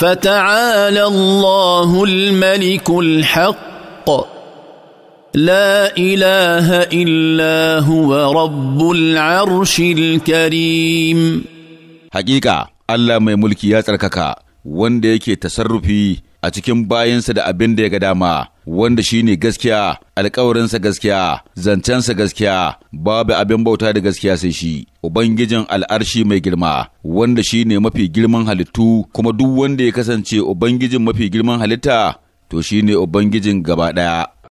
فتعالى الله الملك الحق لا اله الا هو رب العرش الكريم حقيقه الله mai mulki ya tsarkaka wanda yake tasarrufi a cikin bayansa da abin da ya ga dama wanda shine gaskiya alkawarinsa gaskiya zancensa gaskiya babu abin bauta da gaskiya sai shi ubangijin al'arshi mai girma wanda shine mafi girman halittu kuma duk wanda ya kasance ubangijin mafi girman halitta to shine ubangijin gaba ɗaya